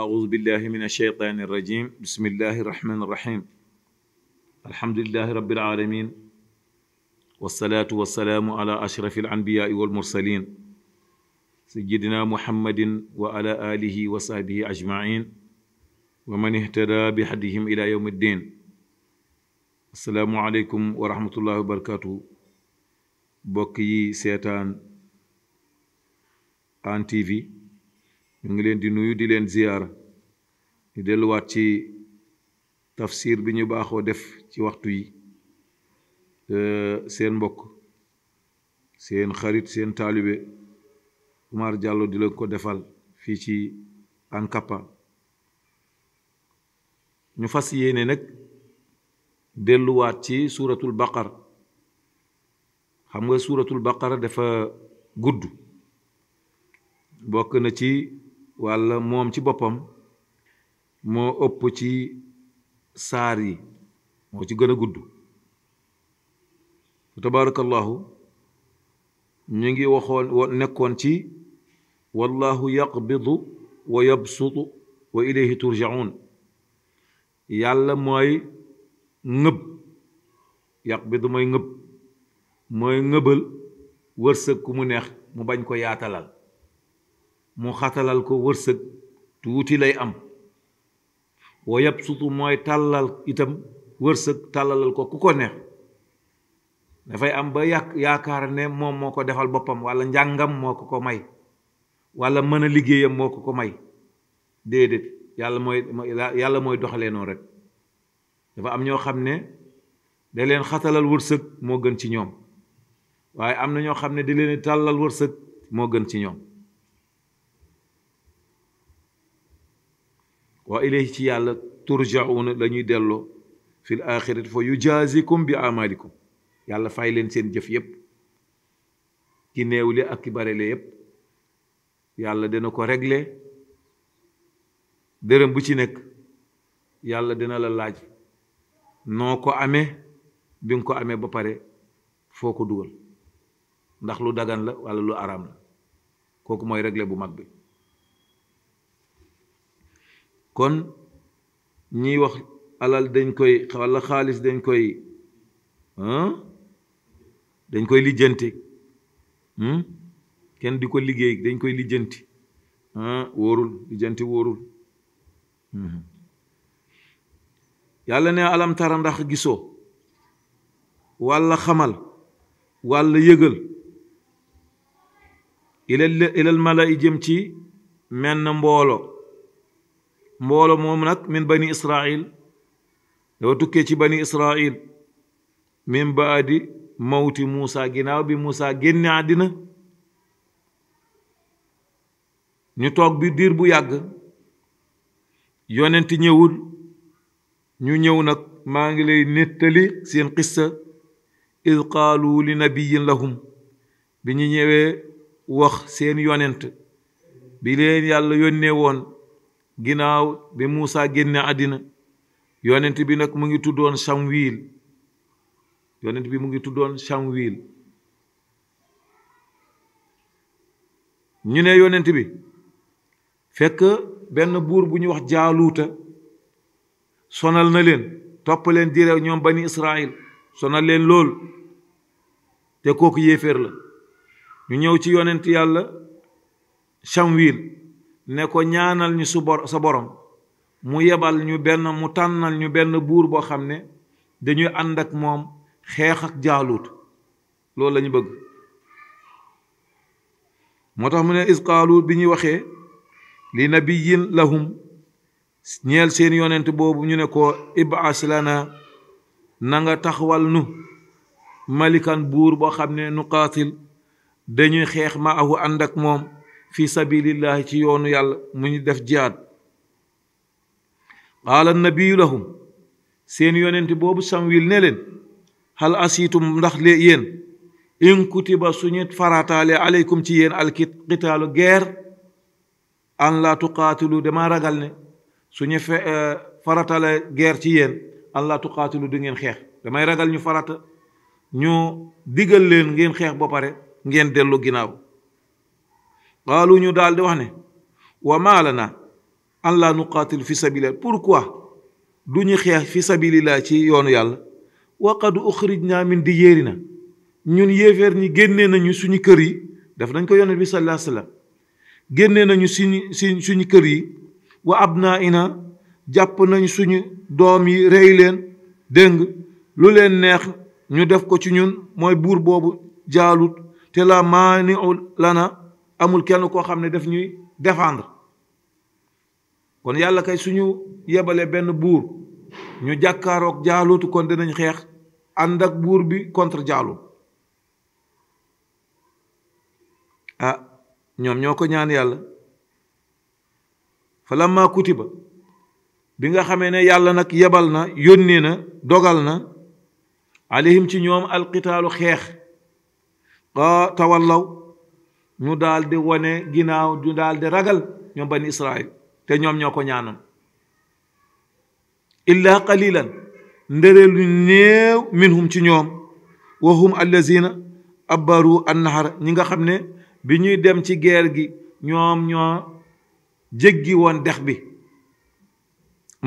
أعوذ بالله من الشيطان الرجيم بسم الله الرحمن الرحيم الحمد لله رب العالمين والصلاة والسلام على أشرف الأنبياء والمرسلين سيدنا محمد وعلى آله وصحبه أجمعين ومن اهتدى بحدهم إلى يوم الدين السلام عليكم ورحمة الله وبركاته بقي سيتان آن تي في ñu ngi leen di nuyu di leen ziyaara di delluwaat ci tafsir bi ñu baaxoo def ci waxtu yi seen mbokk seen xarit seen taalibe Oumar Diallo di leen ko defal fii ci Ankapa ñu fas yéene nag delluwaat ci suuratul baqar xam nga suuratul baqara dafa gudd bokk na ci wala mom ci bopam mo upp ci sar yi mo ci gëna a gudd tabarakallahu ñi ngi waxoon nekkon ci wallahu yaqbidu wa yabsutu wa ilayhi turjaun yàlla moy ngëb yaqbidu moy ngëb moy ngëbal wërsëg ku mu neex mu bañ ko yaatalal mu xatalal ko wërsëg tuuti lay am wa yabsutu mooy tàllal itam wërsëg tàllalal ko ku ko neex dafay am ba yàq yaakaar ne moom moo ko defal boppam wala njàngam moo ko ko may walla mën a liggéeyam moo ko ko may déedéet yàlla mooy yàlla mooy doxalee rek dafa am ñoo xam ne da leen xatalal wërsëg moo gën ci ñoom waaye am na ñoo xam ne di leen tàllal wërsëg moo gën ci ñoom wa ilayhi ci yàlla turjauna la ñuy delloo fil axirati fa yujazikum bi amalikum yàlla fay leen seen jëf yépp ki néew li ak ki bare le yépp yàlla dina ko regle dërëm bu ci nekk yàlla dina la laaj noo ko amee bi nga ko amee ba pare foo ko dugal ndax lu dagan la walla lu araam la kooku mooy régler bu mag bi kon ñiy wax alal dañ koy walla xaalis dañ koy dañ koy lijjanti hmm? kenn di ko liggéey dañ koy lijjanti wóorul lijjanti wóorul hmm. yàlla ne alam tara ndax gisoo walla xamal walla yëgal ilal ilal mala i jëm ci menn mboolo mboolo moom nag min bani israil dafa tukkee ci bani israil min baadi mawti Muusa ginnaaw bi Muusa génne àddina ñu toog bi diir bu yàgg yonent ñëwul ñu ñëw nag maa ngi lay nettali seen xissa id qaalu li nabiyin lahum bi ñu ñëwee wax seen yonent bi leen yàlla yónnee woon ginnaaw bi Muusa génne àddina yonent bi nag mu ngi tuddoon Samwil yonent bi mu ngi tuddoon Samwil ñu ne yonent bi fekk benn buur bu ñu wax jaaluuta sonal na leen topp leen dire ñoom bani Israël sonal leen lool te kooku yéeféer la ñu ñëw ci yonent yàlla Samwil ne ko ñaanal ñu su sa borom mu yebal ñu benn mu tànnal ñu benn buur boo xam ne dañuy ànd ak moom xeex ak jaaluut loolu lañu bëgg moo tax mu ne is bi ñuy waxee bi nabiyin lahum ñeel seen yonent boobu ñu ne ko ibas lana na taxawal nu malikan buur boo xam ne nu qaatil dañuy xeex ma ahu ànd ak moom fi sabilillahi ci yoonu yàlla mu ñu def jihaad qaala nabiyu lahum seen yonent boobu samwil ne leen hal asiitum ndax le yéen in kutiba suñu farataale aleykum ci yéen alkit qitaalu guerre an laa tuqaatilu ragal ne suñu fe euh, farataale guerre ci yéen an laa tuqaatilu du ngeen xeex damay ragal ñu farata ñu digal leen ngeen xeex ba pare ngeen dellu ginnaaw qaalu ñu daal wax ne wa maa lana an laa nuqaatil fi pour quoi du ñu xeex fi sabilillah ci yoonu yàlla wa qad di min na ñun yéeféer ñi génne nañu suñu kër yi daf nañ ko yonent bi sallallahu alayhi wasallam nañu suñu suñu kër yi wa abnaa ina jàpp nañu suñu doom yi rey leen dëng lu leen neex ñu def ko ci ñun mooy buur boobu jaalut te la maaniu lana amul kenn koo xam ne daf ñuy défendre kon yàlla kay suñu yebale benn buur ñu jàkkaaroog jaalutu kon dinañ xeex ànd ak buur bi contre jaalut ah ñoom ñoo ko ñaan yàlla falamma ba bi nga xamee ne yàlla nag yebal na yónnee na dogal na alihim ci ñoom alqitaalu xeex tawallaw ñu daal di wane ginnaaw ñu daal di ragal ñoom bani israil te ñoom ñoo ko ñaanoon illaa qalilan ndere lu néew minhum ci ñoom wahum allazina abbaru annahar ñi nga xam ne bi ñuy dem ci guerre gi ñoom ñoo jéggi woon dex bi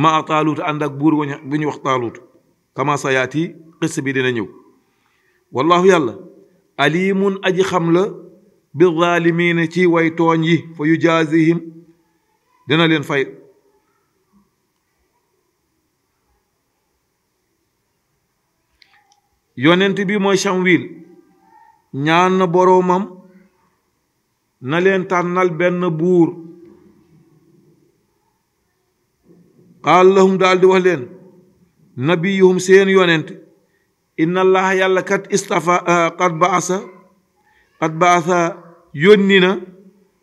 ma a taalut ànd ak buur bu ñu wax taalut kama sa yaati bi dina ñëw wallahu yàlla alimun aji xam la bi zaalimiina ci way tooñ yi fa yujaazihim dina leen fay yonent bi mooy Samwil ñaan na boroomam na leen tànnal benn buur qaal lahum daal di wax leen nabiyuhum seen yonent inna allaha yàlla kat istafa qad baasa qad baasa yónni na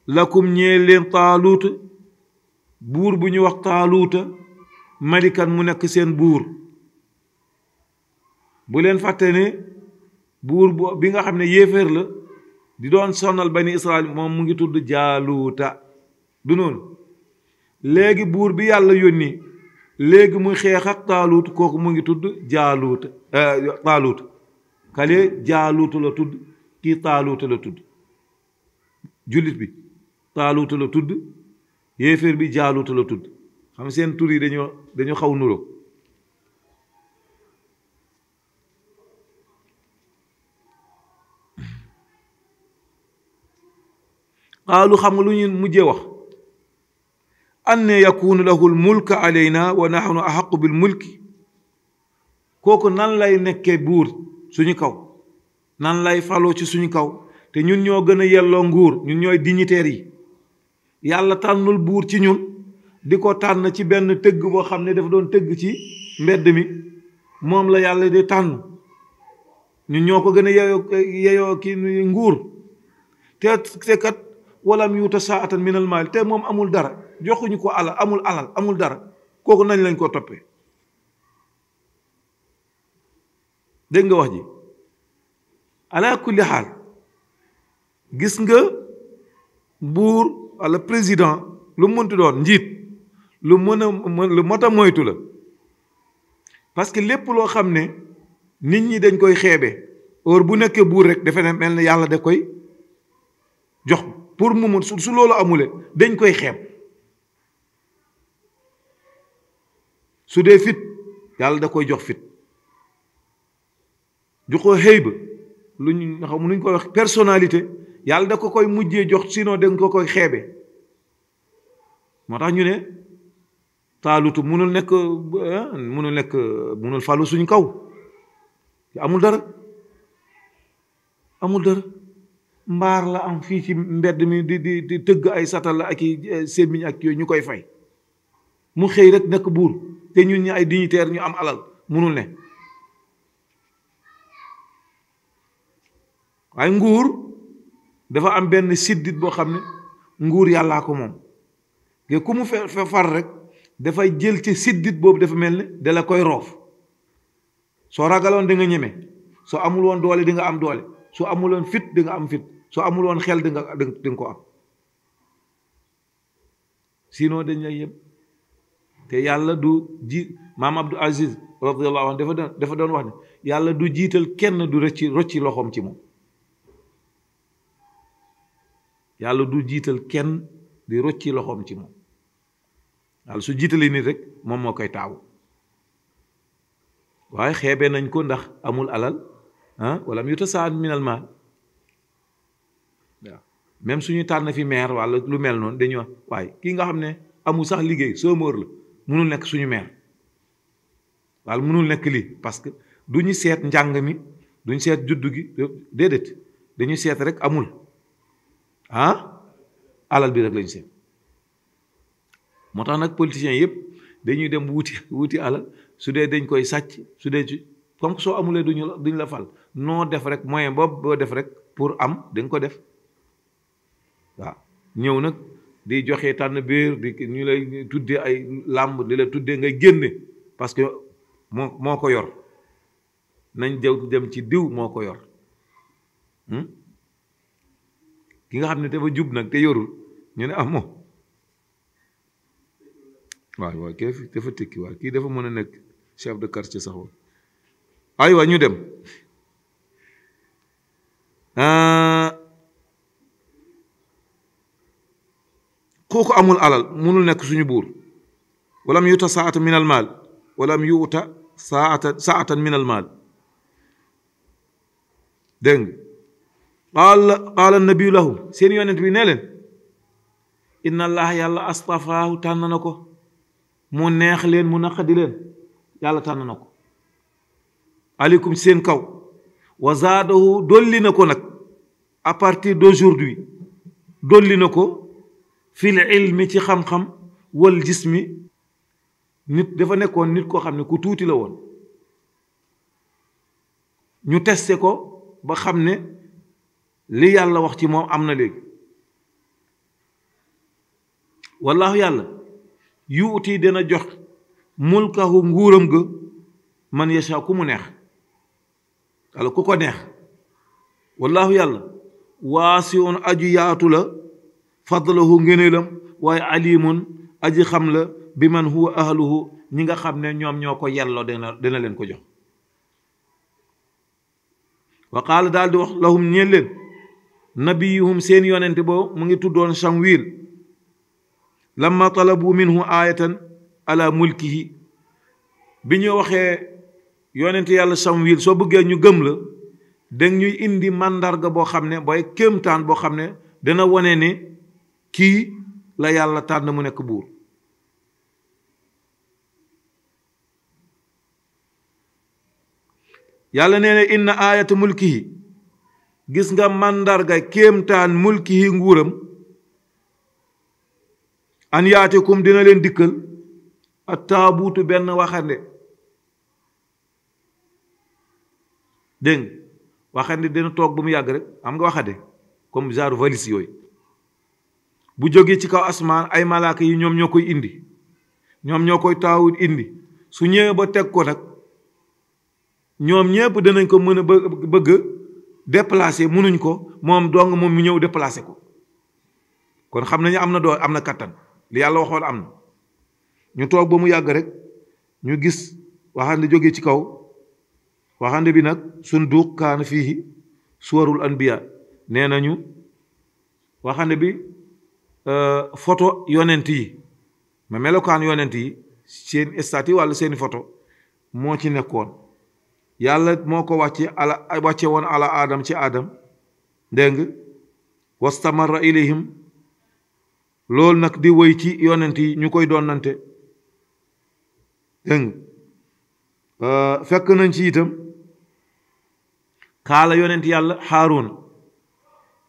lakum ñee leen taaluuta buur bu ñu wax taaluuta malikan mu nekk seen buur bu leen fàtte ne buur bi nga xam ne yéeféer la di doon sonal bani israel moom mu ngi tudd jaaluuta du noonu léegi buur bi yàlla yónni léegi muy xeex ak taaluut kooku mu ngi tudd jaaluuta euh, taaluut kale jaaluuta la tudd kii taaluuta la tudd jullit bi taaluuta tudd yéeféer bi jaaluuta tudd xam seen tur yi dañoo dañoo xaw nuroo qaalu xam nga lu ñu mujjee wax am yakunu lahu l mulk alayna wa nahnu ahaqu bil mulki kooku nan lay nekkee buur suñu kaw nan lay faloo ci suñu kaw te ñun ñoo gën a yelloo nguur ñun ñooy dignitaires yi yàlla tànnul buur ci ñun di ko tànn ci benn tëgg boo xam ne dafa doon tëgg ci mbedd mi moom la yàlla di tànn ñun ñoo ko gën a yeyoo yeyoo ki nguur te te kat walam yuuta saatan minal maal te moom amul dara joxuñu ko alal amul alal amul dara kooku nañ lañ ko toppe dégg nga wax ji ala kulli xaal gis nga buur walla président lu mënti doon njiit lu mën a lu mot a moytu la parce que lépp loo xam ne nit ñi dañ koy xeebe heure bu nekkee buur rek defe ne mel na yàlla da koy jox pour mu mën su loolu amule dañ koy xeeb su dee fit yàlla da koy jox fit ju ko xëy ba lu ñu xam nu ñu koy wax personnalité yàlla da ko koy mujjee jox sinon da nga ko koy xeebe moo tax ñu ne taalutu munul nekk munul nekk munul falu suñ kaw amul dara amul dara mbaar la am fii ci mbedd mi di di di tëgg ay satala ak i e, sémmiñ ak yooyu ñu koy fay mu xëy rek nekk buur te ñun ñu ay dignitaire ñu am alal munul ne waaye nguur dafa am benn siddit boo xam ne nguur yàllaa ko moom te ku mu fe far rek dafay jël ci siddit boobu dafa mel ni dala koy roof soo ragaloon dinga ñeme soo amul woon doole di nga am doole su amul woon fit di nga am fit soo amul woon xel di nga di nga ko am sinon dañ lay yëpp te yàlla du ji maam Abdou Aziz radiyallahu anhu dafa doon dafa doon wax ne yàlla du jiital kenn du rëcci rocci loxoom ci moom yàlla du jiital kenn di rocci loxoom ci moom yàlla su jiitalee nit rek moom moo koy taawu waaye xeebee nañ ko ndax amul alal ah wala mu yutasaan minal maal waaw même suñu tànn fi maire wala lu mel noonu dañuy waaye kii nga xam ne amul sax liggéey chômeur la mënul nekk suñu meer wala mënul nekk lii parce que du ñu seet njàng mi duñu seet juddu gi déedéet dañuy seet rek amul ah alal bi rek lañu seen moo tax nag politiciens yëpp dañuy dem wuti wuti alal su dee dañ koy sàcc su dee ci comme soo amulee duñu la duñu la fal noo def rek moyen boobu boo def rek pour am da ko def waaw ñëw nag di joxe tànn biir di ñu lay tuddee ay làmb di la tuddee ngay génne parce que moo moo ko yor nañ jëw dem ci diw moo ko yor hmm? ki nga xamne dafa jub nak te yorul ñu ne ah moom way waaye kii dafa tekki way ki dafa mëna nek chef de quartier sax woon ay wa ñu dem kooku amul alal munul nek suñu bur walam yuta saatan min almal walam yuta saatan saatan min almal deng قال قال النبي له سين يونت بي نلن ان الله يلا اصطفاه تاننكو مو نيه لين مو نخدي لين يلا تاننكو عليكم سين كاو وزاده دولينكو نك ا partir d'aujourd'hui دولينكو في العلم تي خم خم والجسم نيت دا فا نيكون نيت كو خامني كو توتي لا وون ñu testé ko ba xam li yàlla wax ci moom am na léegi wallaahu yàlla yuuti dina jox mulkahu nguuram ga man yasha ku mu neex ala ku ko neex wallahu yàlla waasiun aju yaatu la fadlahu ngëneelam waaye alimun aji xam la bi man huwa ahluhu ñi nga xam ne ñoom ñoo ko dina dina leen ko jox wa daal di wax lahum ñeen leen nabiyuhum seen yonente boobu mu ngi tuddoon Samwiil lamma talabu minhu aayatan ala mulkihi bi ñu waxee yonente yàlla Samwiil soo bëggee ñu gëm la danga indi màndarga boo xam ne booy kéemtaan boo xam ne dana wone ne kii la yàlla tànn mu nekk buur yàlla nee na inna aayata mulkihi gis nga màndarga kéemtaan mulkihi nguuram an yaatikum dina leen dikkal ak taabuutu benn waxande dégg waxande dina toog ba mu yàgg rek am nga waxande comme genre valise yooyu bu jógee ci kaw asmaan ay malaaka yi ñoom ñoo koy indi ñoom ñoo koy taawut indi su ñëwee ba teg ko nag ñoom ñépp danañ ko mën a bëgg déplacé mënuñ ko moom dong moom mu ñëw déplacé ko kon xam nañu am na doo am na kattan li yàlla waxoon am na ñu toog ba mu yàgg rek ñu gis waxande jóge ci kaw waxande bi nag sunduuq kaana fii suwarul anbiya nee nañu waxande bi euh, photo yonent yi ma melokaan yonent yi seen statue walla seeni photo moo ci nekkoon yàlla moo ko wàcce ala wàcce woon ala aadam ci aadam dégg nga wastamarra ilayhim loolu nag di woy ci yonent yi ñu koy doonante dégg nga euh, fekk nañ ci itam kaala yonent yàlla Haaruna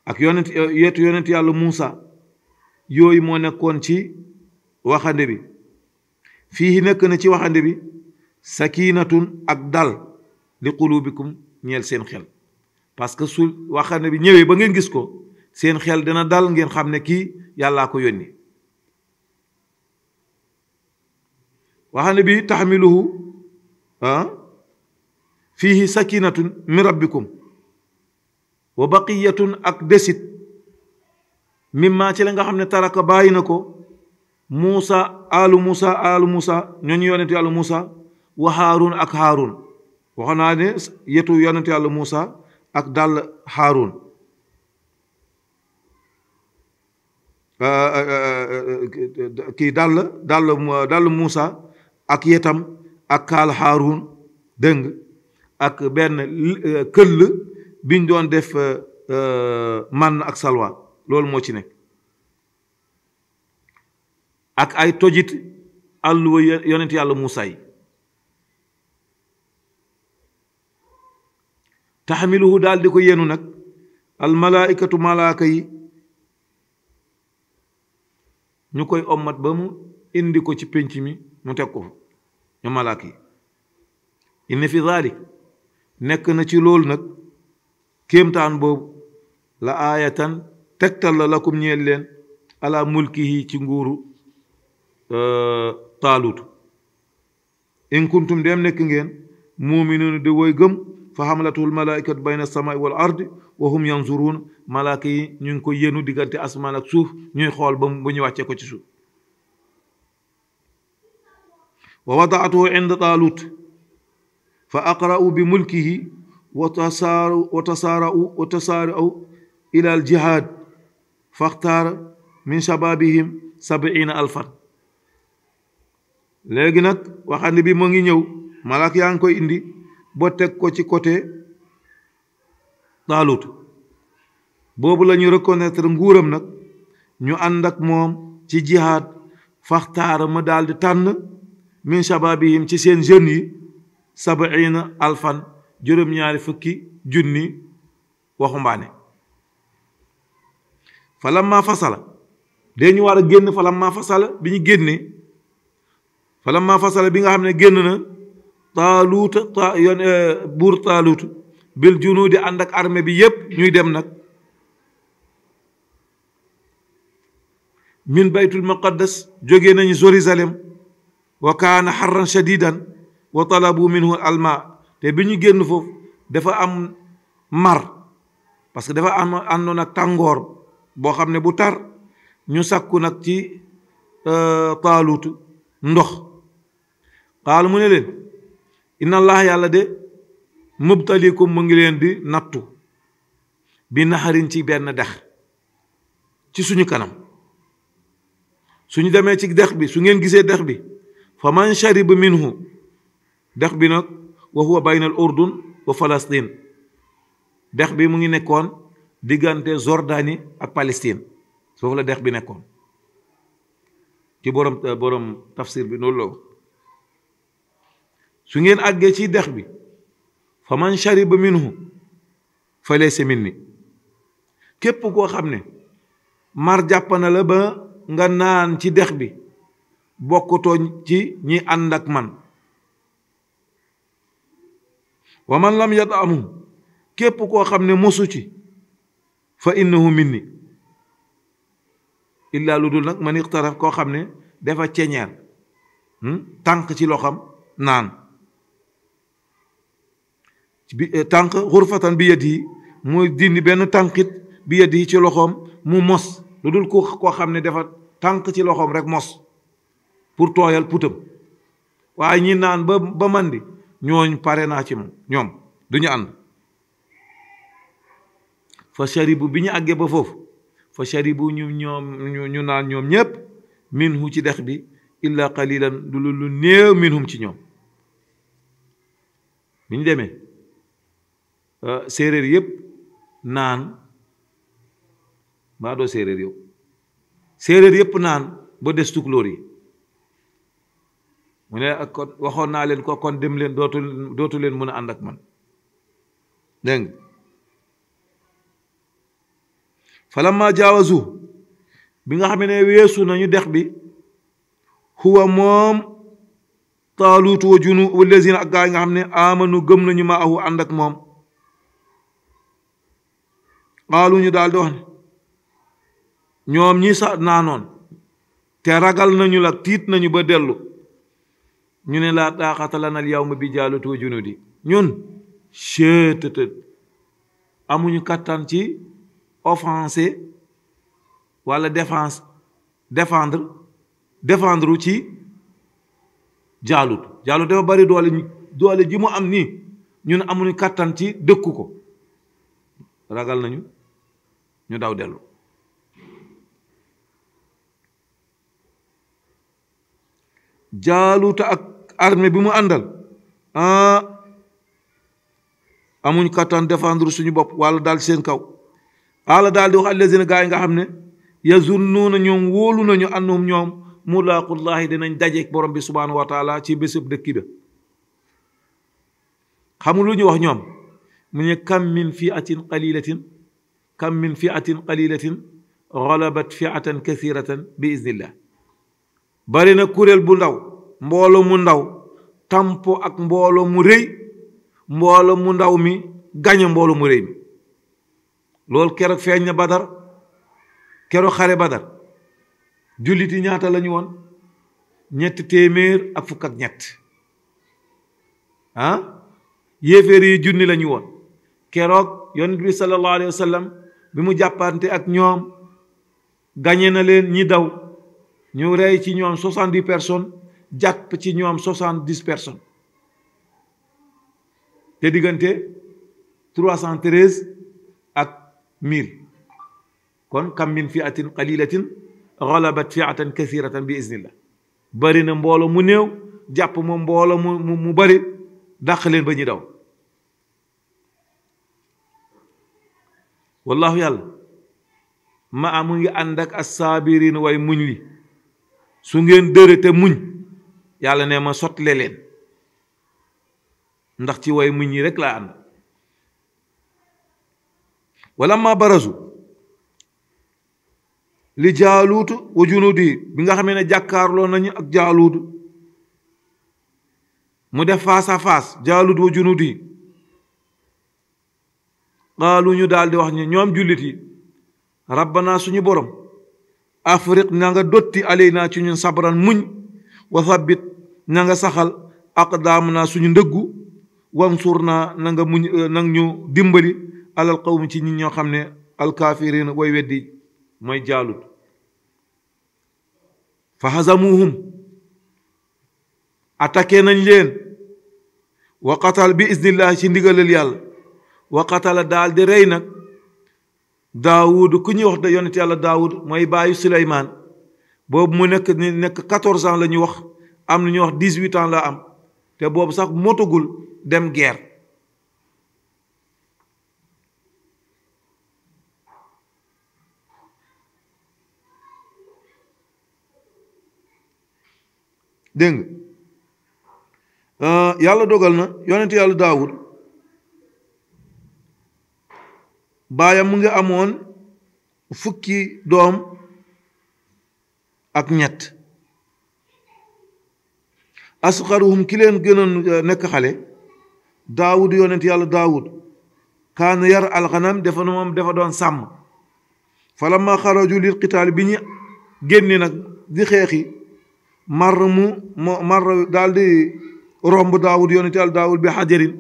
ak yonent yeetu yonent yàlla Muusa yooyu moo nekkoon ci waxande bi fii nekk na ci waxande bi sa sakiinatun ak dal li qulubikum ñeel seen xel parce que su waxane bi ñëwee ba ngeen gis ko seen xel dina dal ngeen xam ne kii yàllaa ko yónni waxane bi taxmiluhu ah fihi sakinatun min rabbikum wa baqiyatun ak desit mimma ci la nga xam ne taraka bàyyi na ko Musa alu Musa alu musa ñooñu yonentu alu Musa wa Harun ak Harun waxoon naa ne yetu yonent yàlla Muusa ak dàll Haarun kii dàll dàll dàll Muusa ak yetam ak kaal Haarun dëng ak benn këll biñ doon def mànn ak salwa loolu moo ci nekk ak ay tojit àlluwa yonent yàlla Muusa yi taxmiluhu daal ko yenu nag almalaaykatu malaaka yi ñu koy ommat ba mu indi ko ci pénc mi mu teg ko ñu malaaka yi inna fi dalik nekk na ci lool nag kéemtaan boobu la aayatan tegtal la lakum ñeel leen ala mulkihi ci nguuru e, taalut in kuntum dem nekk ngeen muuminoonu di woy gëm fa xamalatu almalaaikatu bayna alsamaai wal ard wa hum yanzuruun malaaka yi ñu ngi ko yéenu diggante asmaan ak suuf ñuy xool ba ba ñu wàccee ko ci suuf wa wadaatuhu inda taalut fa aqra'u bi mulkihi wa tasaara'u wa tasaara'u wa tasaara'u ila aljihaad fa axtaara min shabaabihim sabiina alfan léegi nag waxande bi moo ngi ñëw malaak yaa ngi koy indi ba teg ko ci côté taalut boobu la ñu reconnaître nguuram nag ñu ànd ak moom ci jihaad faxtaara ma daldi di tànn min shababihim ci seen jeunes yi sabaina alfan juróom-ñaari fukki junni waxumbaane falamma fasala dee ñu war a génn falamma fasala bi ñu génnee falamma fasala bi nga xam ne génn na taaluuta ta eh, buur taaluuta bil junuudi ànd ak armée bi yépp ñuy dem nag min baytul muqaddas jóge nañu jérusalem wa kaana xarran shadidan wa talabu minhu alma te bi ñu génn foofu dafa am mar parce que dafa am àndoon ak tàngoor boo xam ne bu tar ñu sàkku nag ci eh, taaluutu ndox xaal mu ne leen inna allah yàlla de mubtalikum mu ngi leen di nattu bi naxarin ci benn dex ci suñu kanam suñu demee ci dex bi su ngeen gisee dex bi fa man shariba minhu dex bi nag wa huwa bayna al urdun wa falastin dex bi mu ngi nekkoon diggante Jordanie ak Palestine foofu la dex bi nekkoon ci borom borom tafsir bi noonu la su ngeen àggee ci dex bi fa man shariba minhu fa laysa minni képp koo xam ne mar jàpp na la ba nga naan ci dex bi bokkutoo ci ñi ànd ak man wa man lam yataamu képp koo xam ne mosu ci fa innahu minni illa lu dul nag man iqtaraf koo xam ne dafa ceñeer hmm, tànk ci loxam naan bi eh, tànk xurfatan bi yet yi muy dindi benn tànkit bi yet yi ci loxoom mu mos lu dul ko koo xam ne dafa tànk ci loxoom rek mos pour tooyal putam waaye ñi naan ba ba ñooñ pare naa ci ñoom duñu ànd fa sharibu bi ñu àggee ba foofu fa sharibu ñu ñoom ñu naan ñoom ñépp minhu ci dex bi illa qalilan du lu néew minhum ci ñoom bi ñu demee Euh, séeréer yépp naan maa doo séeréer yow séeréer yëpp naan ba des tukulóor yi mu ne ak kon waxoon naa leen ko kon dem leen dootu dootu leen mën a ànd ak man dégg nga falamma jaawazu bi nga xam ne weesu nañu dex bi huwa moom taaluut wa junu wallazina ak gaa yi nga xam ne amanu gëm nañu ma ahu ànd ak moom xaalu ñu daal di wax ne ñoom ñi sa naanoon te ragal nañu la tiit nañu ba dellu ñu ne laa taaxata lanal yawma bi jaalut wa di ñun céetëtët amuñu kattan ci offenser wala défense défendre défendre ci jaalut jaalut dafa bari doole ji mu am nii ñun amuñu kattan ci dëkku ko ragal nañu ñu daw dellu jaaluta ak armée bi mu àndal ah amuñ kattan défendre suñu bopp walla daal seen kaw ala daal di wax allazina gaa yi nga xam ne yazunnuuna ñoom wóolu nañu annahum ñoom mulaaqullahi dinañ dajeek borom bi subhanahu wa taala ci bésëb dëkki ba xamul lu ñu wax ñoom mu ne kam min fiatin qalilatin kam min fiatin qalilatin ghalabat fiatan kathiratan bi iznillah bari na kuréel bu ndaw mbooloo mu ndaw tampo ak mbooloo mu rëy mbooloo mu ndaw mi gañe mbooloo mu rëy mi loolu keroog feeñ na badar keroog xare badar yi ñaata lañu woon ñetti téeméer ak fukk ak ñett ah yéeféer yi junni lañu woon keroog yonent bi sallallahu alayhi bi mu jàppante ak ñoom gañe na leen ñi daw ñu rey ci ñoom soixante-dix personnes jàpp ci ñoom soixante-dix personnes te diggante trois cent treize ak mille kon kam min fiatin qalilatin ghalabat fiatan kathiratan bi iznillah bari na mbooloo mu néew jàpp ma mbooloo mu mu bari dàq leen ba ñu daw wallaahu yàlla ma a mu ngi ànd ak asaabirin way muñ li su ngeen dëre te muñ yàlla ne ma sotle leen ndax ci way muñ yi rek laa ànd wala ma barasu li jaaluutu wa junuudi bi nga xamee ne jàkkaarloo nañu ak jaaluutu mu def face à face jaaluut wa junuudi qaalu ñu daldi wax ñu ñoom jullit yi rabbana suñu borom afriq na nga dotti alaynaa ci sabran muñ wa thabbit na nga saxal aqdaam naa suñu ndëggu wansur naa na nga muñ euh, nang ñu dimbali alal qawmi ci ñi ñoo xam ne alkaafirin way weddi mooy jaalut fa hazamuhum attaqué nañ leen wa bi iznillah ci ndigalal yàlla wa qatala daal di rey nag daawud ku ñuy wax da yonent yàlla daawud mooy bàyyi suleymaan boobu mu nekk ni nekk quatorze ans la ñu wax am na ñu wax dix-huit ans am te boobu sax motagul dem guerre dégg nga euh, yàlla dogal na yonent yàlla daawud baayam mu ngi amoon fukki doom ak ñett asxaruhum ki leen gënoon eh, nekk xale daawud yonent yàlla daawud kaana yar alxanam dafa moom dafa doon sàmm falamma xaraju lil qitaal bi ñu génne nag di xeexi mar mu mar daal di romb daawud yonent yàlla daawud bi xajarin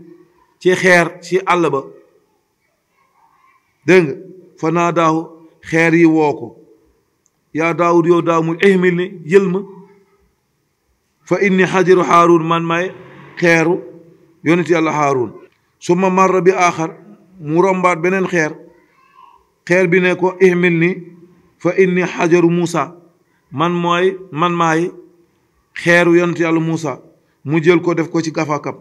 ci xeer ci àll ba dégg nga fa naa daahu xeer yi woo ko yaa daawud yow daamul ihmil ni yël fa indi xajaru xaaruun man may xeeru yonent yàlla xaaruun su ma marra bi aaxar mu rombaat beneen xeer xeer bi ne ko ihmil ni fa indi xajaru muusa man mooy man maay xeeru yonent yàlla muusa mu jël ko def ko ci gafakam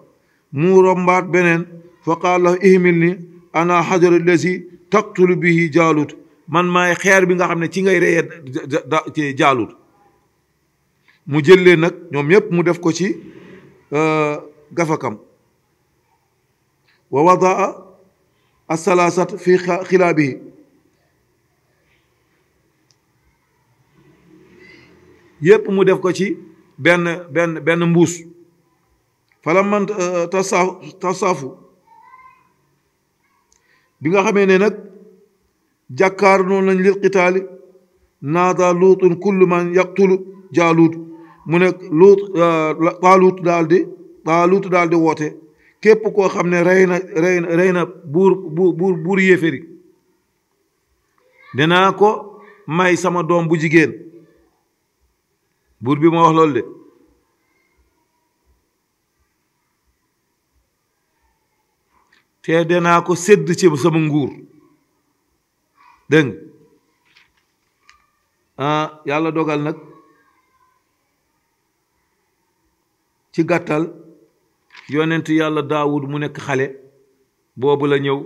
mu rombaat beneen fa qaala ihmil ni انا حجر الذي تقتل به جالوت من ماي خير بيغا خا خني غاي ري جالوت مو جيل لي نك نيوم ييب مو داف كو سي ا آه، غفا ووضع الثلاثه في خلابه ييب مو داف كو سي بن بن بن موس فلما آه، تصافو bi nga xamee ne nag jàkkaarloo nañ lil qitaali naada luutun kullu man yaqtulu jaaluut mu ne luut euh, taaluut daal di taaluut woote képp koo xam ne rey na rey na buur buur buur yéeféri dinaa ko may sama doom bu jigéen buur bi ma wax loolu de te naa ko sedd ci sama nguur dégg ah, yàlla dogal nag ci gàttal yonent yàlla daawud mu nekk xale boobu la ñëw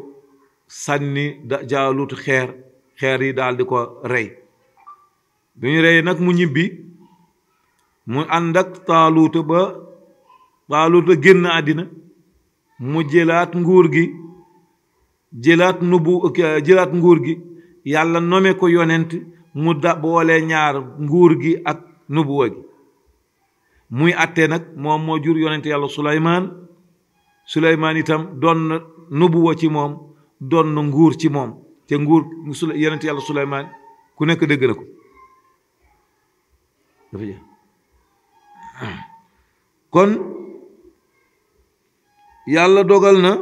sànni da jaalut xeer xeer yi daldi ko rey bu ñu rey nag mu ñibbi mu ànd ak taaluuta ba taaluuta génn àddina mu jëlaat nguur gi jëlaat nubu jëlaat nguur gi yàlla nome ko yonent mu da boole ñaar nguur gi ak nubuwa gi muy àttee nag moom moo jur yonent yàlla suleymaan suleymaan itam doon na nubuwa ci moom doon nguur ci moom te nguur yonent yàlla suleymaan ku nekk dégg na ko kon yàlla dogal na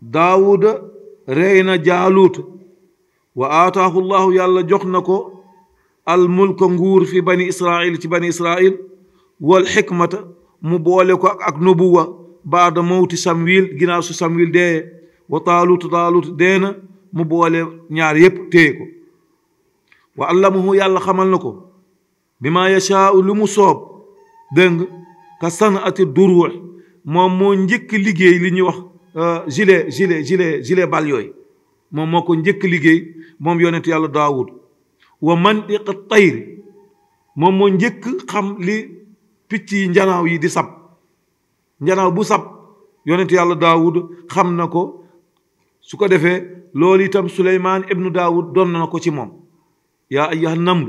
daawud rey na jaaluut wa aataahu llahu yàlla jox na ko almulka nguur fi bani israil ci bani israil wal xikmata mu boole ko ak nubuwa baada mawti samwil ginnaaw su samwil dee wa taaluuta taaluuta dee na mu boole ñaar yépp téye ko wa allamahu yàlla xamal na ko bi ma yashaau lu mu soob dëng ka sanati duruux moom moo njëkk liggéey li ñuy wax euh, gilet gilet gilet gilet bal moom moo ko njëkk liggéey moom yonent yàlla daawud wa mantiq tayr moom moo njëkk xam li picc yi njanaaw yi di sab njanaaw bu sab yonent yàlla daawud xam na ko su ko defee loolu itam suleymaan ibnu daawud doon na ko ci moom yaa ayyuhan naml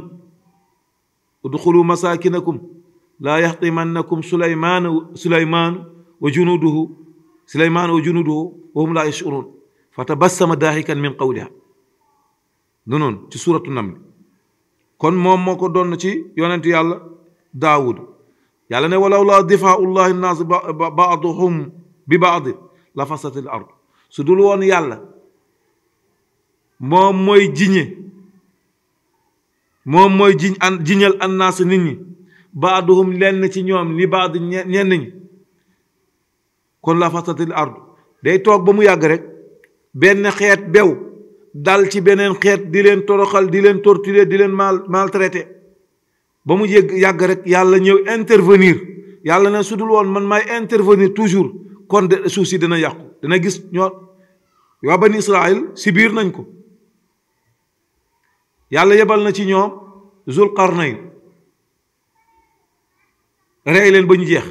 udxulu masakinakum لا يحطمنكم سليمان سليمان وجنوده سليمان وجنوده وهم لا يشعرون فتبسم ضاحكا من قولها نون في سورة النمل كون موم موكو دون تي يونت يالا داوود يالا ني الله دفاع الله الناس بعضهم ببعض لفسدت الارض سدول وون يالا موم موي جيني موم موي جينيال الناس نيت baaduhum lenn ci ñoom li baad ñenn ñi kon la fasatil ardu day toog ba mu yàgg rek benn xeet bew dal ci beneen xeet di leen toroxal di leen torturer di leen mal maltraité ba mu yëg yàgg rek yàlla ñëw intervenir yàlla na su dul man maay intervenir toujours kon de suuf si dina yàqu gis ñoo waa bani Israël sibir biir nañ ko yàlla yebal na ci ñoom Zulqarnayn rey leen ba ñu jeex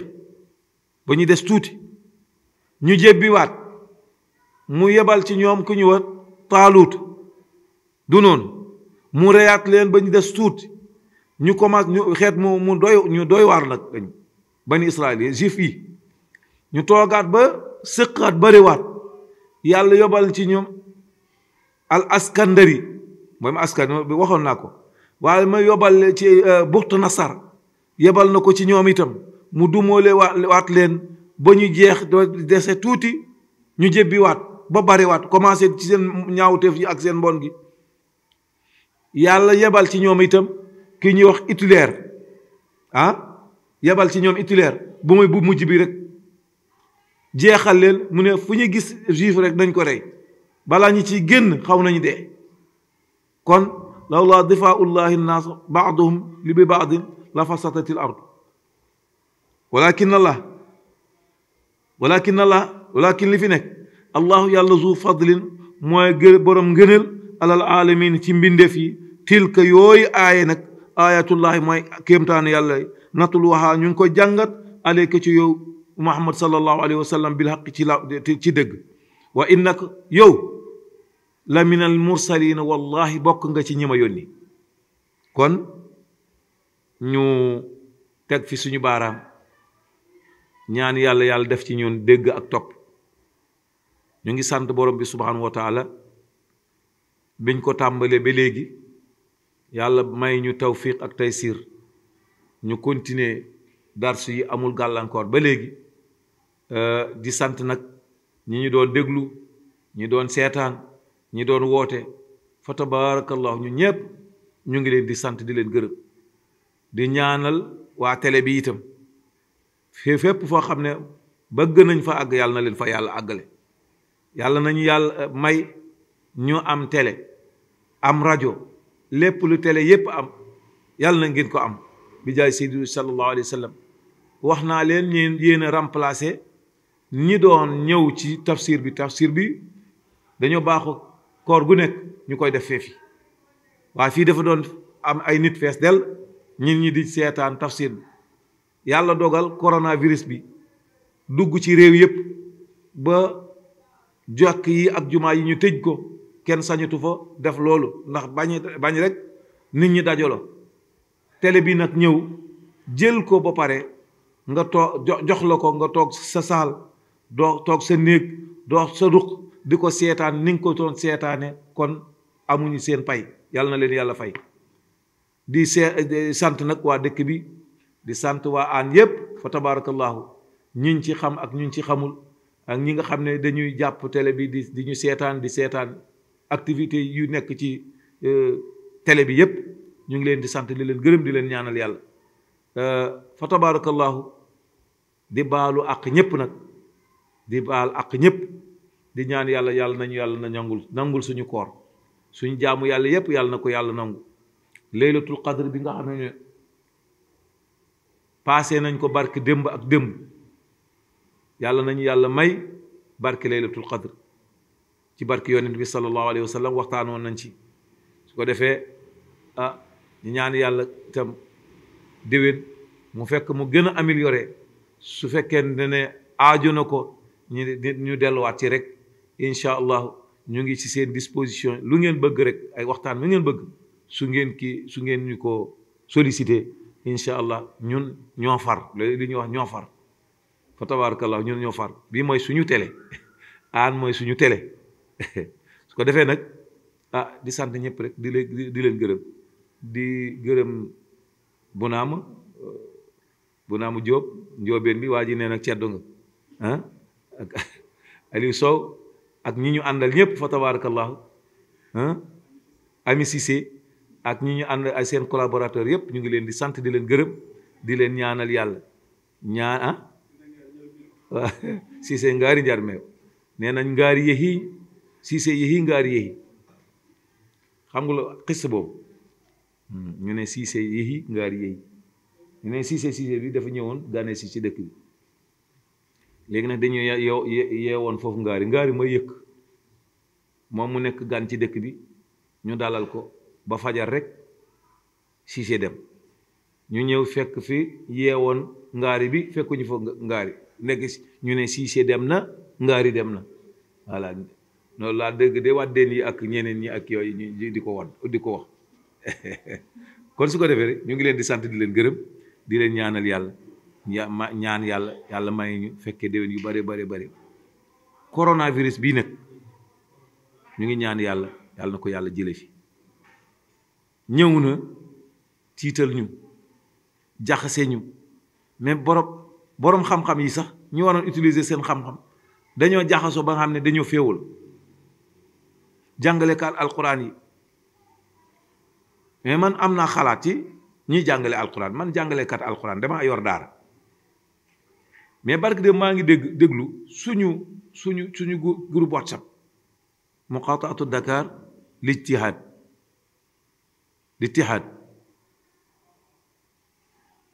ba ñu des tuuti ñu jébbiwaat mu yebal ci ñoom ku ñu wa taaluut du noonu mu reyaat leen ba ñu des tuuti ñu commencé ñu xeet mu mu doy ñu doy waar nag bani israel yi juif yi ñu toogaat ba sëqaat bariwaat yàlla yobal ci ñoom al askandari mooy ma askan bi waxoon naa ko waaye ma yobal ci euh, buxtu nasar yebal na ko ci ñoom itam mu dumoole waat leen ba ñu jeex dese tuuti ñu jébbi waat ba bari waat commencé ci seen ñaawteef yi ak seen mbon gi yàlla yebal ci ñoom itam ki ñuy wax Hitler ah yebal ci ñoom Hitler bu muy bu mujj bi rek jeexal leen mu ne fu ñu gis juif rek nañ ko rey balaa ñu ci génn xaw nañu dee kon lawlaa difaa ullahi nnaas baaduhum li bi baadin لفسطت الأرض ولكن الله ولكن الله ولكن اللي الله يالله ذو فضل موي بروم غنل على العالمين تي مبند في تلك يوي آية نك آية الله موي كيمتان يالله نتلوها نكو جانغت عليك تي يو محمد صلى الله عليه وسلم بالحق تي دغ وانك يو لمن المرسلين والله بوك نغا تي نيما يوني كون ñu teg fi suñu baaraam ñaan yàlla yàlla def ci ñun dégg ak topp ñu ngi sant borom bi subhanahu wa taala biñ ko tàmbalee ba léegi yàlla may ñu tawfiq ak tay sir ñu continuer darsu yi amul gàllankoor ba léegi euh, di sant nag ñi ñu doon déglu ñi doon seetaan ñi doon woote fa tabaraka allah ñu ñëpp ñu ngi leen di sant di leen gërëm di ñaanal waa télé bi itam fii fépp foo xam ne bëgg nañ fa àgg yàlla na leen fa yàlla àggale yàlla nañu yàlla may ñu am am rajo lépp lu télé yépp am yàlla na ngeen ko am bi jaay Seydou sallallahu wax naa leen ñeen yéen a remplacé ñi doon ñëw ci tafsir bi tafsir bi dañoo baaxu koor gu nekk ñu koy def feefi waaye fii dafa doon am ay nit fees del ñin ñi di seetaan tafsir yalla dogal coronavirus bi dugg ci rew yépp ba jokk yi ak juma yi ñu tejj ko kenn sañatu fa def loolu ndax bañ bañ rek nit ñi dajolo télé bi nak ñew jël ko ba pare nga toog jox la ko nga tok sa sal do tok sa neeg do sa ruq di ko ning ko ton kon amuñu seen pay yalla na leen yalla fay di see sant nag waa dëkk bi di sant waa aan yépp fa tabaarakallaahu ñiñ ci xam ak ñiñ ci xamul ak ñi nga xam ne dañuy jàpp télé bi di di ñu seetaan di seetaan activité yu nekk ci euh, télé bi yépp ñu ngi leen di sant di leen gërëm di leen ñaanal yàlla euh, fa tabaarakallaahu di baalu àq ñépp nag di baal àq ñépp di ñaan yàlla yàlla nañu yàlla na nangul nangul suñu koor suñu jaamu yàlla yépp yàlla na ko yàlla nangu laylatul qadr bi nga xam ne paase nañ ko barke démb ak démb yàlla nañu yàlla may barke laylatul qadr ci barke yonent bi sallallahu alayhi wa sallam waxtaanoon nañ ci su ko defee ah ñu ñaan yàlla tam déwén mu fekk mu gën a amélioré su fekkee ne aajo na ko ñu ñu delluwaat ci rek incha allah ñu ngi ci seen disposition lu ngeen bëgg rek ay waxtaan lu ngeen bëgg su ngeen ki su ngeen ñu ko sollicité incha allah ñun ñoo far loolu li ñuy wax ñoo far fa tabarakallah ñun ñoo far bii mooy suñu télé aan mooy suñu télé su ko defee nag ah di sant ñëpp rek di leen di leen gërëm di gërëm bunaam bunaam Jóob njoobeen bi waa ji nee nag ceddo nga ah, ak Aliou Sow ak ñi ñu àndal ñëpp fa tabarakallah ah, ami Cissé ak ñu ñu ànd ay seen collaborateurs yépp ñu ngi leen di sant di leen gërëm di leen ñaanal yàlla ñaan ah waa ngaari njar meew nee nañ ngaari yéhi Cissé yéhi ngaari yéhi xam nga la xis boobu hmm, ñu ne Cissé yéhi ngaari yéhi ñu ne Cissé Cissé bi dafa ñëwoon gane si ci dëkk bi léegi nag dañuy yow yeewoon foofu ngaari ngaari ma yëkk moom mu nekk gan ci dëkk bi ñu dalal ko ba fajar rek Cissé dem ñu ñëw fekk fi yeewoon ngaari bi fekkuñu fa ngaari léegi ñu ne Cissé dem na ngaari dem na voilà noonu laa dégg de wàddeen yi ak ñeneen ñi ak yooyu ñu di ko di ko wax kon su ko defee rek ñu ngi leen di sant di leen gërëm di leen ñaanal yàlla ñaan yàlla yàlla may ñu fekkee déwén yu bare bare bare coronavirus bii nag ñu ngi ñaan yàlla yàlla na ko yàlla jële fi ñëw na tiital ñu jaxase ñu mais borom borom xam-xam yi sax ñu waroon utiliser seen xam-xam dañoo jaxasoo ba nga xam ne dañoo féewal jàngalekat alquran yi mais man am naa xalaat yi ñuy jàngale alquran man jàngalekat alquran dama yor daara mais barke de maa ngi dégg déglu suñu suñu suñu mu whatsapp atu dakar lijtihaad di l'ittihaad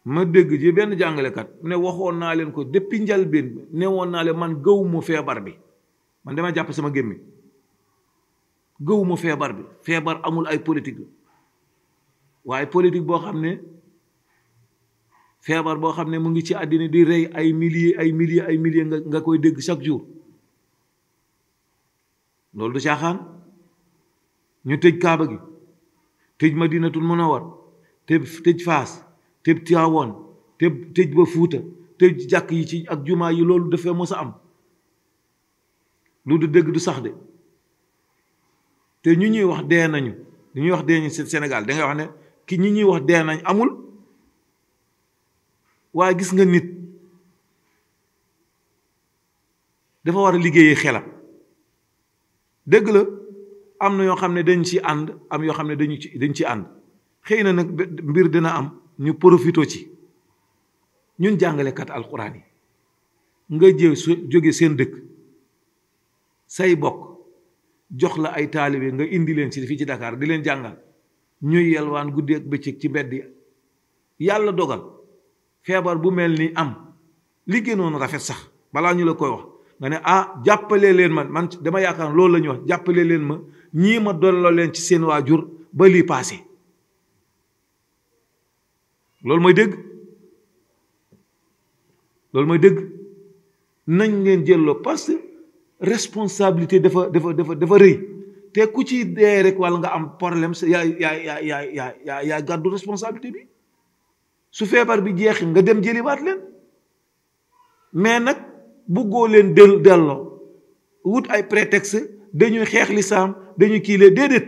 ma dégg ji benn jàngalekat ne waxoon naa leen ko depuis njalbeen ne woon naa leen man gëwuma feebar bi man dama jàpp sama gémmi gëwuma feebar bi feebar amul ay politique waaye politique boo xam ne feebar boo xam ne mu ngi ci àddina di rey ay milliers ay milliers ay milliers nga nga koy dégg chaque jour loolu du caaxaan ñu tëj kaaba gi tëj madinatul munawar tëj tëj faas tëj tiawoon tëj tëj ba fuuta tëj jàkk yi ci ak jumaa yi loolu dafee mos a am lu du dëgg du sax de te ñu ñuy wax dee nañu ñu ñuy wax dee nañu senegal da wax ne ki ñu ñuy wax dee nañ amul waaye gis nga nit dafa war a liggéeyee xelam dëgg la am na yoo xam ne dañ ci ànd am yoo xam ne dañu ci dañ ci ànd xëy na nag mbir dina am ñu profito ci ñun jàngalekat alxuraan yi nga jëw su jóge seen dëkk say bokk jox la ay taalibe nga indi leen si fii ci Dakar di leen jàngal ñuy yelwaan guddi ak bëccëg ci mbedd yàlla dogal feebar bu mel ni am li gënoon rafet sax balaa ñu la koy wax nga ne ah jàppale leen ma man dama yaakaar loolu la ñuy wax jàppale leen ma ñii ma dolloo leen ci seen waajur ba lii paase loolu mooy dégg loolu may dégg nañ leen jëlloo parce que responsabilité dafa dafa dafa dafa rëy te ku ci dee rek walla nga am problème yaa yaay yaa yaa yaa yaa yaa gàddu responsabilité bi su feebar bi jeex nga dem jëliwaat leen mais nag bëggoo leen del delloo wut ay prétexte dañuy xeex lislaam dañuy kiilee déedéet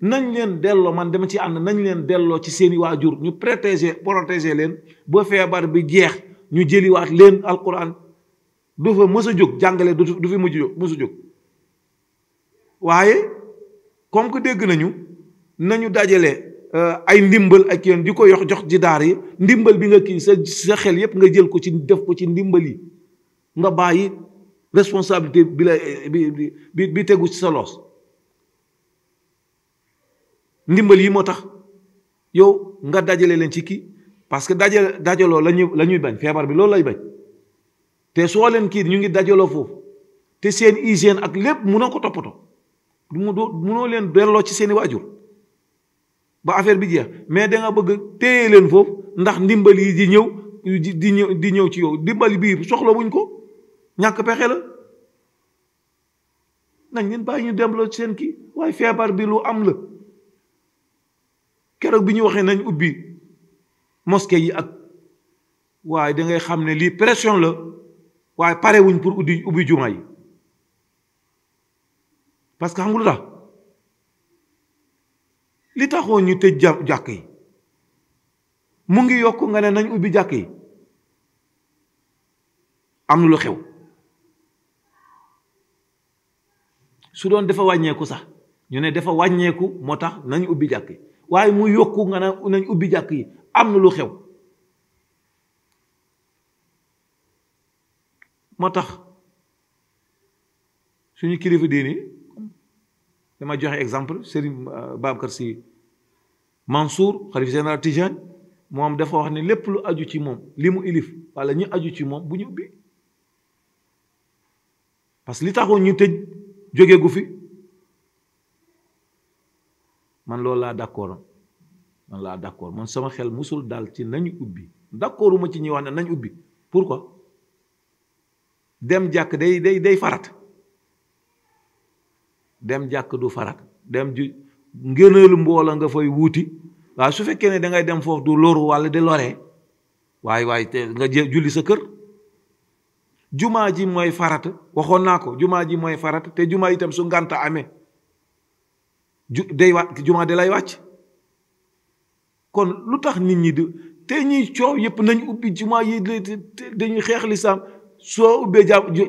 nañ leen delloo man dama ci ànd nañ leen delloo ci seeni waajur ñu protéger protéger leen ba feebar bi jeex ñu jëliwaat leen alquran du fa mës a jóg jàngale du fi mujj jóg mës jóg waaye comme que dégg nañu nañu dajale euh, ay ndimbal ak yéen di ko yox jox ci yi ndimbal bi nga kii sa sa xel yépp nga jël ko ci def ko ci ndimbal yi nga bàyyi responsabilité bi la bi bi bi tegu ci sa loos ndimbal yi moo tax yow nga dajale leen ci kii parce que dajale dajaloo la ñuy la ñuy bañ feebar bi loolu lay bañ te soo leen kii ñu ngi dajaloo foofu te seen hygiène ak lépp mënoo ko toppatoo du mu doo mënoo leen delloo ci seeni waajur ba affaire bi jeex mais danga nga bëgg téye leen foofu ndax ndimbal yi di ñëw di ñëw di ñëw ci yow ndimbal bii soxla wuñ ko. ñàkk pexe la nag ngeen bàyyi ñu dem la seen kii waaye feebar bi lu am la keroog bi ñu waxee nañ ubbi moske yi ak waaye dangay xam ne lii pression la waaye parewuñ pour uddi ubbi jumaa yi parce que xam nga lu tax li taxoon ñu tëj jàkk yi mu ngi yokk nga ne nañ ubbi jàkk yi am na lu xew su doon dafa wàññeeku sax ñu ne dafa wàññeeku moo tax nañu ubbi jàkk yi waaye mu yokk nga ne nañ ubbi jàkk yi am na lu xew moo tax suñu kilifa diini dama joxe exemple Serigne euh, Babacar si Mansour xalifa général Tijaan moom dafa wax ne lépp lu aju ci moom li mu ilif walla ñu aju ci moom bu ñu ubbi parce li taxoon ñu tëj jóge gu fi man loolu laa d'accord man laa d'accord man sama xel musul daal ci nañu ubbi d'accorduma ci ñi wax ne nañ ubbi pourquoi dem jàkk day day day farat dem jàkk du farat dem ju ngëneelu mboola nga fay wuuti waaye su fekkee ne da ngay dem foofu du loru walla di loree waaye waaye te nga julli sa kër jumaa ji mooy farata waxoon naa ko jumaa ji mooy farat te jumaa itam su ngànta amee ju day jumaa de lay wàcc kon lu tax nit ñi di te ñuy coow yëpp nañ ubbi jumaa yi dañuy xeex lislaam soo ubbee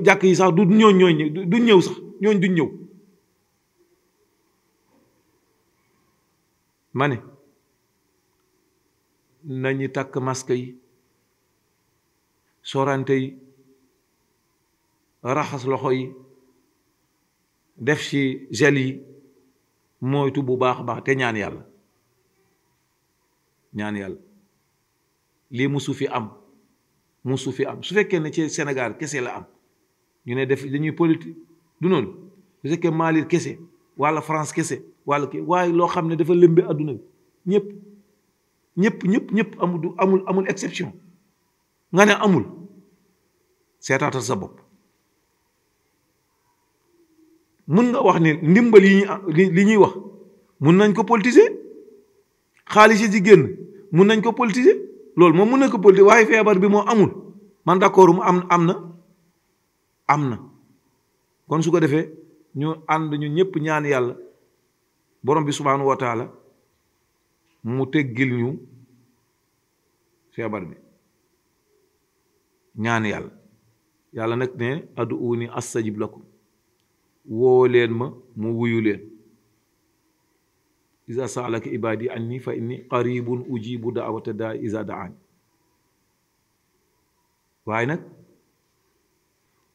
jàkk yi sax du ñooñ ñooñ du ñëw sax ñooñ duñ nañu takk masque yi sorante yi raxas loxo yi def ci gel yi moytu bu baax te ñaan yàlla ñaan yàlla am musu am su fekkee ci Sénégal kese la am ñu ne def dañuy politique du Mali kese wala France kese wala kii waaye loo dafa lëmbe bi ñëpp ñëpp amul amul exception nga ne amul seetaatal sa mun nga wax ni ndimbal yi ñuy li ñuy wax mun nañ ko politiser xaalis yi ci génn mun nañ ko politiser loolu moom mun nañ ko politiser waaye feebar bi moo amul man d'accord mu am am na am na kon su ko defee ñu ànd ñu ñëpp ñaan yàlla borom bi subhaanahu wa taala mu teggil ñu feebar bi ñaan yàlla yàlla nag ne adduuni astajib lakum woow leen ma mu wuyu leen isa saalaka ibaadi anni fa inni qaribun ujibu daawata daa isa daani waaye nag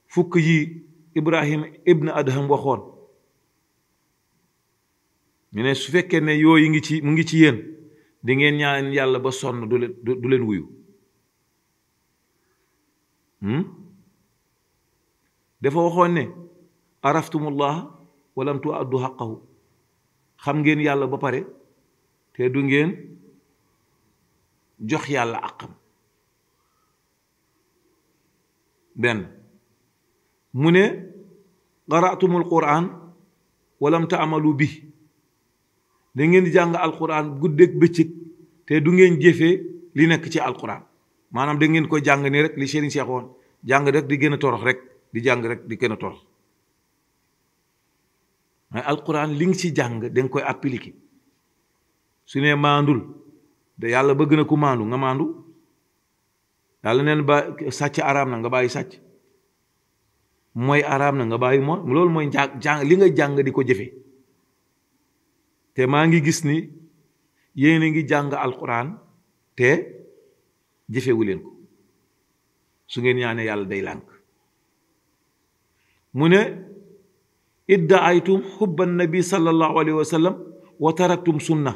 fukk yi ibrahim ibn adham waxoon ñu ne su fekkee ne yooyu ngi ci mu ngi ci yéen di ngeen ñaan yàlla ba sonn du leen du leen wuyu hmm? dafa waxoon ne araftumullah walam tu addu haqqahu xam ngeen yalla ba pare te du ngeen jox yalla akam ben mune qara'tumul quran walam ta'malu bi da ngeen jang al alquran guddek beccik te du ngeen jefe li nek ci alquran manam da ngeen ko jang ni rek li cheikh won jang rek di gëna torox rek di jang rek di gëna torox mais nah, alquran ling ci jang dang koy appliquer mandul da yalla bëgg na ku mandu nga mandu yalla neen ba satch aram na nga bayyi satch moy aram na nga bayyi mo lool moy jang li nga jang di ko té ma maa ngi gis ni yéen ngi jàng alquran te wu leen ko su ngeen ñaané yalla day lank mune iddaaytum xubba nabi sallallahu alayhi wa sallam wa taraktum sunna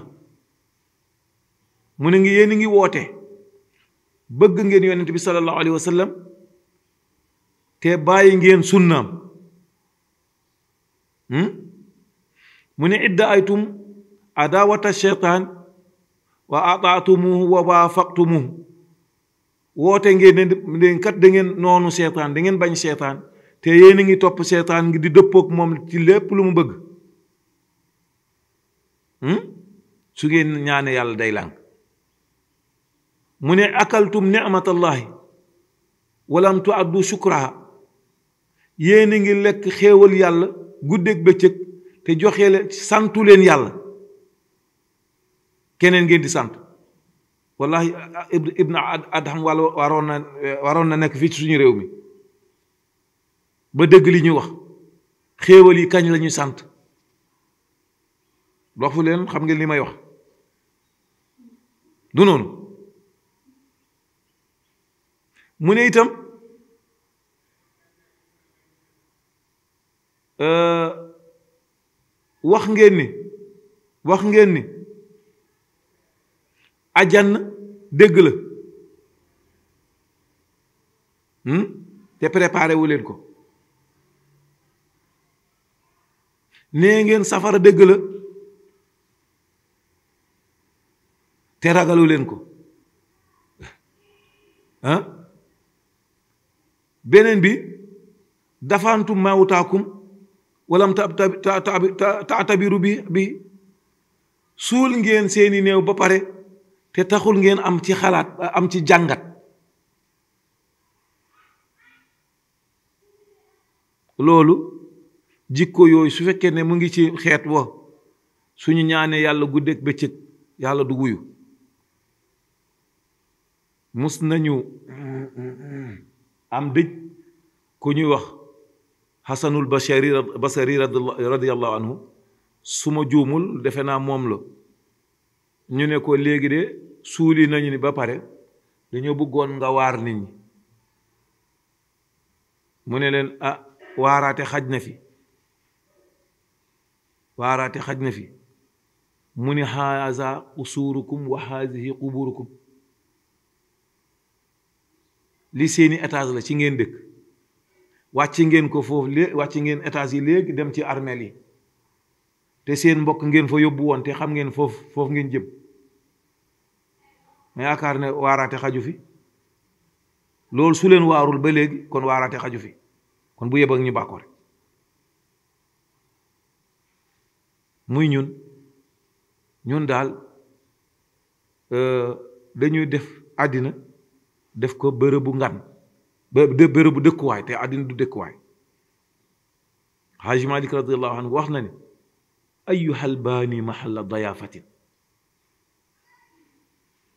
mu ne ngi yéen ngi woote bëgg ngeen yonent bi sallallahu alayhi wa sallam te bàyyi ngeen sunnaam hmm? mu ne iddaaytum adaawata sheytaan wa ataatumuhu wa waafaqtumuhu woote ngeen ne kat da ngeen noonu seytaan da ngeen bañ seytaan te yéen a ngi topp seetaan ngi di dëppook moom ci lépp lu mu bëgg hmm? su ngeen ñaane yàlla day làng mu ne akaltum nicmatallahi walam tu addu sukraha yéen a ngi lekk xéewal yàlla guddeeg bëccëg te joxe santu leen yàlla keneen ngeen di sant wallahi ibn adham walla waroon na na nekk fii ci suñu réew mi ba dégg li ñuy wax xéewal yi kañ lañuy sant doxu xam ngeen li may wax du noonu mu ne itam euh, wax ngeen ni wax ngeen ni ajan dégg la hmm? te préparé wu leen ko nee ngeen safara dëgg la te ragalu leen ko ah beneen bi dafantum maawutaakum walam ta taatabiru bi bi suul ngeen seeni néew ba pare te taxul ngeen am ci xalaat am ci jàngat loolu jikko yooyu su fekkee ne mu ngi ci xeet wa suñu ñaanee yàlla guddeeg bëccëg yàlla du wuyu mus nañu am dëj ku ñuy wax xasanul bashari basari radiallahu anhu su ma juumul defe naa moom la ñu ne ko léegi de suuli nañu ni ba pare dañoo bëggoon nga waar nit ñi mu ne leen ah waaraate xaj na fi waaraate xaj na fi mu ni haaza usuurukum wa haazihi quburukum li seeni étage la ci ngeen dëkk wàcc ngeen ko foofu lé wàcc ngeen étage yi léegi dem ci armeel yi te seen mbokk ngeen fa yóbbu woon te xam ngeen foofu foofu ngeen jëm ma yaakaar ne waaraate xaju fi loolu su leen waarul ba léegi kon waarate xaju fi kon bu yebak ñu bàkkoore muy ñun ñun daal dañuy def àddina def ko bërëbu ngan bërëbu dëkkuwaay te àddina du dëkkuwaay xaaji malik radiallahu anhu wax na ne ayuhal baani mahalla dayaafatin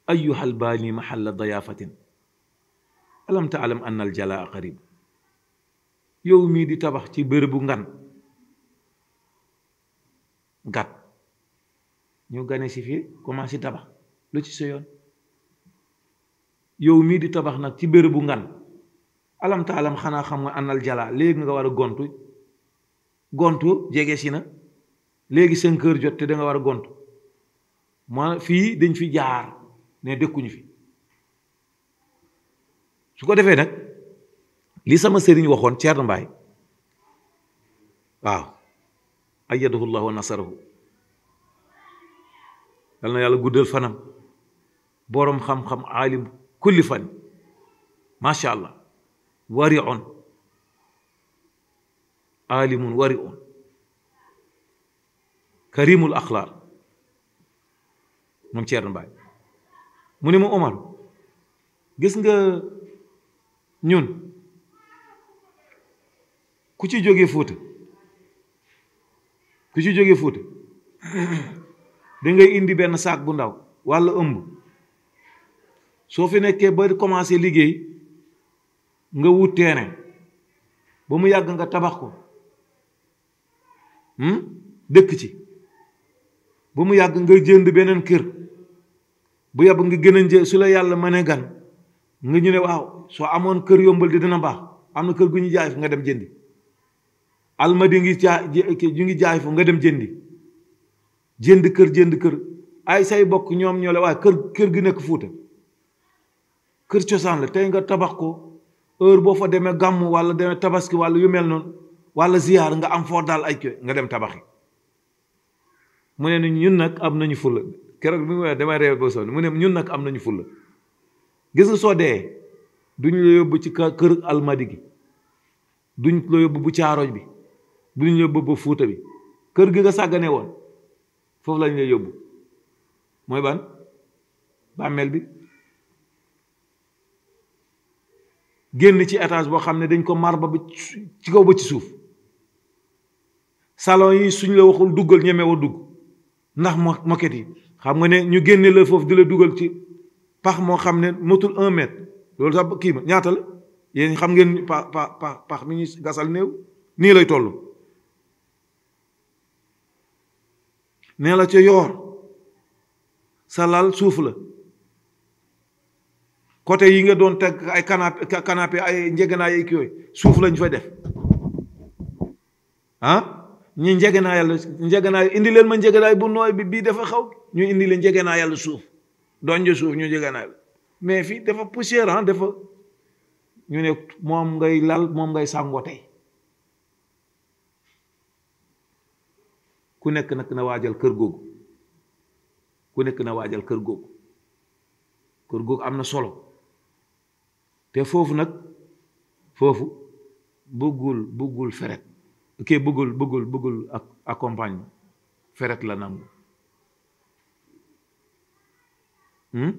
أيها الباني محل ضيافة ألم تعلم أن الجلاء قريب يومي دي تبخ تي بربو gat ñu gane si fi commencé tabax lu ci sa yoon yow mii di tabax nag ci bérébu ngan alam taalam xanaa xam nga àndal jalaa léegi nga war a gontu gontu jege si na léegi cinq heures jot te da war a gontu ma fii dañ fi jaar ne dëkkuñu fi su ko defee nag li sama sëriñ waxoon Thierno mbaay waaw ayyadahu llahu wa nasarahu yal na yàlla guddal fanam boroom xam-xam aalim kulli fan macha allah wari on aalimun wari on karimul axlaaq moom Ceerno Mbaay mu ne ma Omar gis nga ñun ku ci jógee Fuuta ku ci jóge Fuuta da ngay indi benn saak bu ndaw walla ëmb soo fi nekkee ba commencé liggéey nga wut terrain ba mu yàgg nga tabax ko hmm, dëkk ci ba mu yàgg nga jënd beneen kër bu yàgg nga gën a jë su la yàlla mënee gan nga ñu ne waaw soo amoon kër yombal di dina baax am na kër gu ñu jaay fi nga dem jëndi almadi ngi jaay ñu ngi jaay foofu nga dem jëndi jënd kër jënd kër ay say bokk ñoom ñoo la waaye kër kër gi nekk fuuta kër cosaan la tey nga tabax ko heure boo fa demee gàmm wala demee tabaski wala yu mel noonu wala ziyaar nga am foo daal ay kër nga dem tabaxi mu ne ñun nag am nañu fulla keroog bi mu wax damay réew ba sonn mu ne ñun nag am nañu fulla gis nga soo dee duñ la yóbbu ci kër almadi gi duñ la yóbbu bu caaroj bi bu ñu yóbbu ba fuuta bi kër gi nga sàggane woon foofu lañ lay yóbbu mooy ban bàmmeel bi génn ci étage boo xam ne dañ ko marba ba ci kaw ba ci suuf salon yi suñ la waxul duggal ñemewoo dugg ndax mo moquette yi xam nga ne ñu génne la foofu di la duggal ci pax moo xam ne motul un mètre loolu sax kii ma ñaata la yéen xam ngeen pax pax pax mi ñu gasal néew nii lay toll nee la ci yoor sa lal suuf la côté yi nga doon teg ay canapé canapé ay njeganaay ay yooyu suuf lañ fa def ah ñi njege naa yàlla njeganaay indi leen ma njeganaay bu nooy bi bii dafa xaw ñu indi njege naa yàlla suuf doñ jo suuf ñu njeganaay la mais fii dafa poussière ah dafa ñu ne moom ngay lal moom ngay sàngoo tey ku nekk nag na waajal kër googu ku nekk na waajal kër googu kër googu am na solo te foofu nag foofu bëggul bëggul feret ok bëggul bëggul bëggul ak accompagne feret la nangu hmm?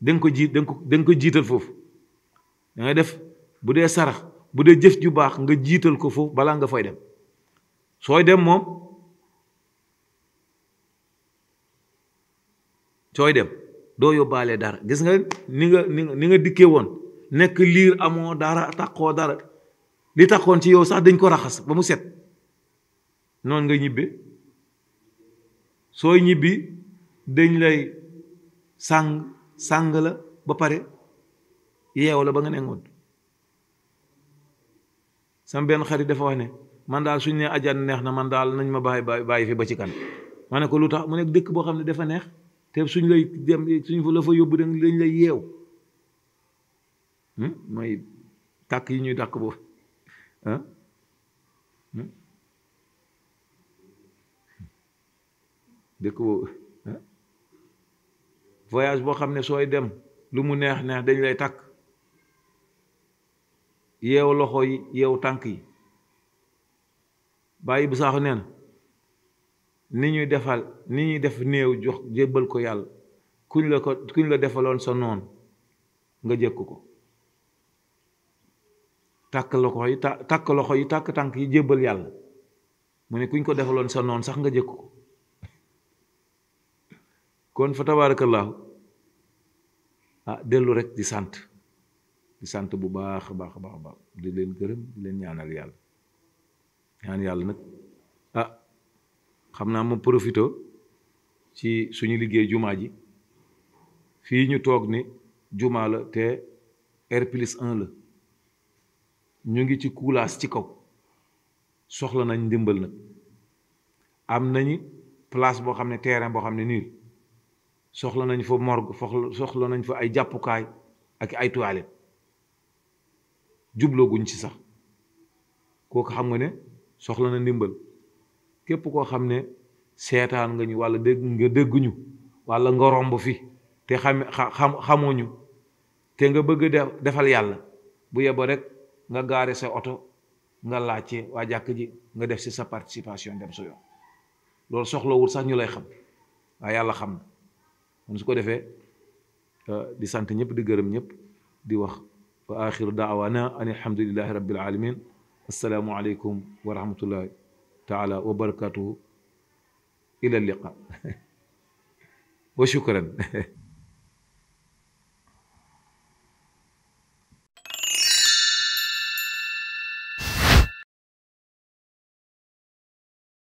da nga ko ji da nga ko da ko jiital foofu da def bu dee sarax bu dee jëf ju baax nga jiital ko foofu balaa nga fay dem sooy dem moom sooy dem doo yóbbaale dara gis nga ni nga ni nga dikkee woon nekk liir amoo dara takkoo dara li takkoon ci yow sax dañ ko raxas ba mu set noonu nga ñibbe sooy ñibbi dañ lay sàng sàng la ba pare yeew la ba nga nengoon sama benn xarit dafa wax ne man daal suñ ne ajaan neex na man daal nañ ma bàyyi bàyyi fi ba ci kan ma ne ko lu tax mu nekk dëkk boo xam ne dafa neex te suñ lay dem suñu la fa yóbbu dañ lañ lay yeew hmm? mooy tàkk yi ñuy dàkk hmm? boobu ah voyage boo xam ne sooy dem lu mu neex neex dañ lay tàkk yeew loxo yi yeew tànk yi bàyyi bu saaxu neen ni ñuy defal ni ñuy def néew jox jébbal ko yàlla kuñ la ko kuñ la defaloon sa noon nga jëkk ko tàkk loxo yi tàkk loxo yi tàkk tànk yi on yàlla mu ne kuñ ko defaloon sa noon sax nga jëkk ko kon fa tabarakallahu ah dellu rek di sant di sant bu baax baax baax baax di leen gërëm di leen ñaanal yàlla ñaan yàlla nag ah xam naa mu profité ci suñu liggéey jumaa ji fii ñu toog ni jumaa la te R plus 1 la ñu ngi ci kuulaas ci kaw soxla nañ ndimbal nag am nañu place boo xam ne terrain boo xam ne nii soxla nañ fa morgue soxla nañ fa ay jàppukaay ak ay toilettes jubloo guñ ci sax kooku xam nga ne soxla na ndimbal képp koo xam ne seetaan nga ñu wala dégg nga dégguñu wala nga romb fi te xam xam xamuñu te nga bëgg defal yàlla bu yebo rek nga gaare sa oto nga laajte waa jàkk ji nga def si sa participation dem sa yoon loolu soxlawul sax ñu lay xam waaye yàlla xam na su ko defee euh, di sant ñëpp di gërëm ñëpp di wax wa akhiru da'wana anil hamdulillahi rabbil alamin Assalamu alaikum wa تعالى وبركاته إلى اللقاء وشكرا